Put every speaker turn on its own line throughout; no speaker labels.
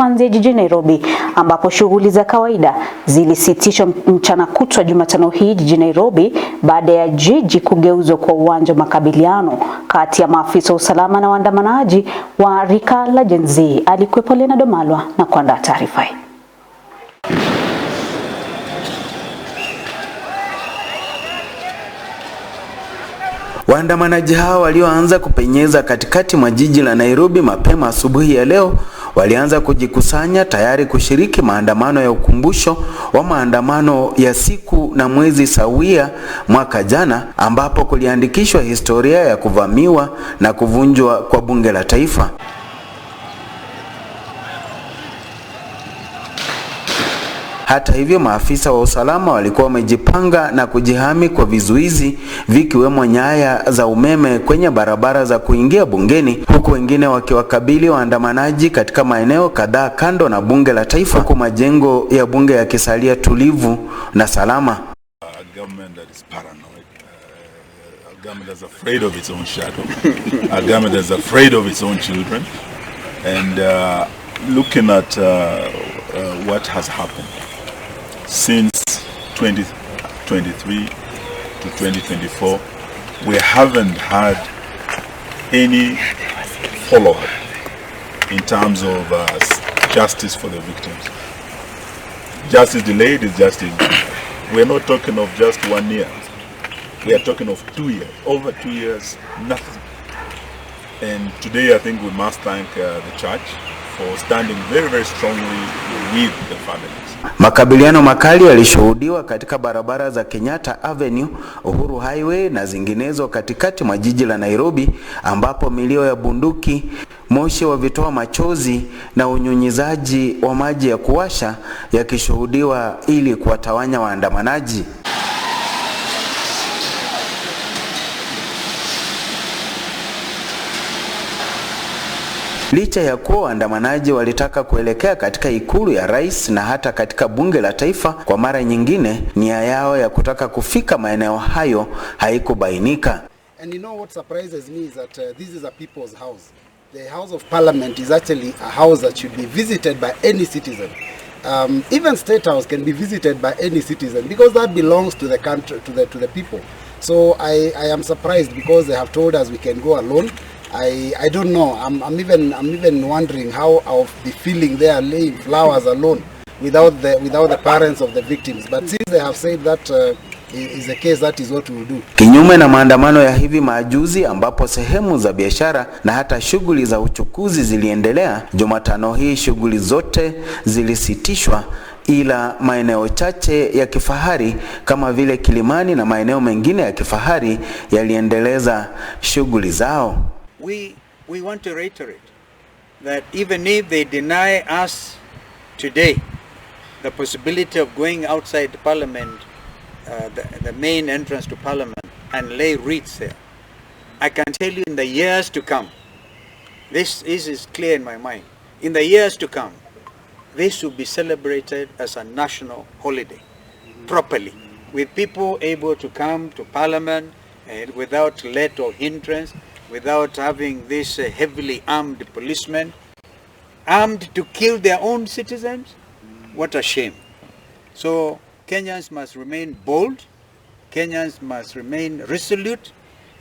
Chwanze jijini Nairobi, ambapo shughuli za kawaida zilisitishwa mchana kutwa Jumatano hii jijini Nairobi baada ya jiji kugeuzwa kwa uwanja wa makabiliano kati ya maafisa wa usalama na waandamanaji wa rika la Gen Z. Alikuwepo Lena Domalwa na kuandaa taarifa hii.
Waandamanaji hao walioanza kupenyeza katikati mwa jiji la Nairobi mapema asubuhi ya leo walianza kujikusanya tayari kushiriki maandamano ya ukumbusho wa maandamano ya siku na mwezi sawia mwaka jana, ambapo kuliandikishwa historia ya kuvamiwa na kuvunjwa kwa bunge la taifa. Hata hivyo, maafisa wa usalama walikuwa wamejipanga na kujihami kwa vizuizi vikiwemo nyaya za umeme kwenye barabara za kuingia bungeni, huku wengine wakiwakabili waandamanaji katika maeneo kadhaa kando na bunge la taifa, huku majengo ya bunge yakisalia tulivu na salama.
Uh, uh, looking at uh, uh, what has happened since 2023 to 2024, we haven't had any follow-up in terms of uh, justice for the victims. Justice delayed is justice. We're not talking of just one year. We are talking of two years, over two years, nothing. And today I think we must thank uh, the church Very, very strongly with the families.
Makabiliano makali yalishuhudiwa katika barabara za Kenyatta Avenue, Uhuru Highway na zinginezo katikati mwa jiji la Nairobi ambapo milio ya bunduki, moshi wa vitoa machozi na unyunyizaji wa maji ya kuwasha yakishuhudiwa ili kuwatawanya waandamanaji. licha ya kuwa waandamanaji walitaka kuelekea katika ikulu ya rais na hata katika bunge la taifa. Kwa mara nyingine, nia yao ya kutaka kufika maeneo hayo haikubainika.
And you know what surprises me is that uh, this is a people's house. The House of Parliament is actually a house that should be visited by any citizen. Um, even State House can be visited by any citizen because that belongs to the country, to the, to the people. So I, I am surprised because they have told us we can go alone. I, I don't know. I'm, I'm even I'm even wondering how I'll be feeling there laying flowers alone without the without the parents of the victims. But since they have said that uh, is the case that is what we will do.
Kinyume na maandamano ya hivi majuzi ambapo sehemu za biashara na hata shughuli za uchukuzi ziliendelea, Jumatano hii shughuli zote zilisitishwa ila maeneo chache ya kifahari kama vile Kilimani na maeneo mengine ya kifahari yaliendeleza shughuli zao.
we, we want to reiterate that even if they deny us today the possibility of going outside Parliament, uh, the, the main entrance to Parliament, and lay wreaths there, I can tell you in the years to come, this, this is clear in my mind, in the years to come, this will be celebrated as a national holiday properly with people able to come to parliament and eh, without let or hindrance without having this uh, heavily armed policemen armed to kill their own citizens? What a shame. So Kenyans must remain bold, Kenyans must remain resolute,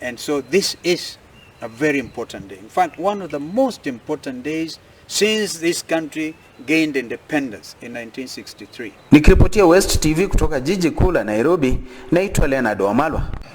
and so this is a very important day. In fact, one of the most important days since this country gained independence in 1963. Nikiripotia West TV kutoka jiji kuu la Nairobi, naitwa Leonard Wamalwa.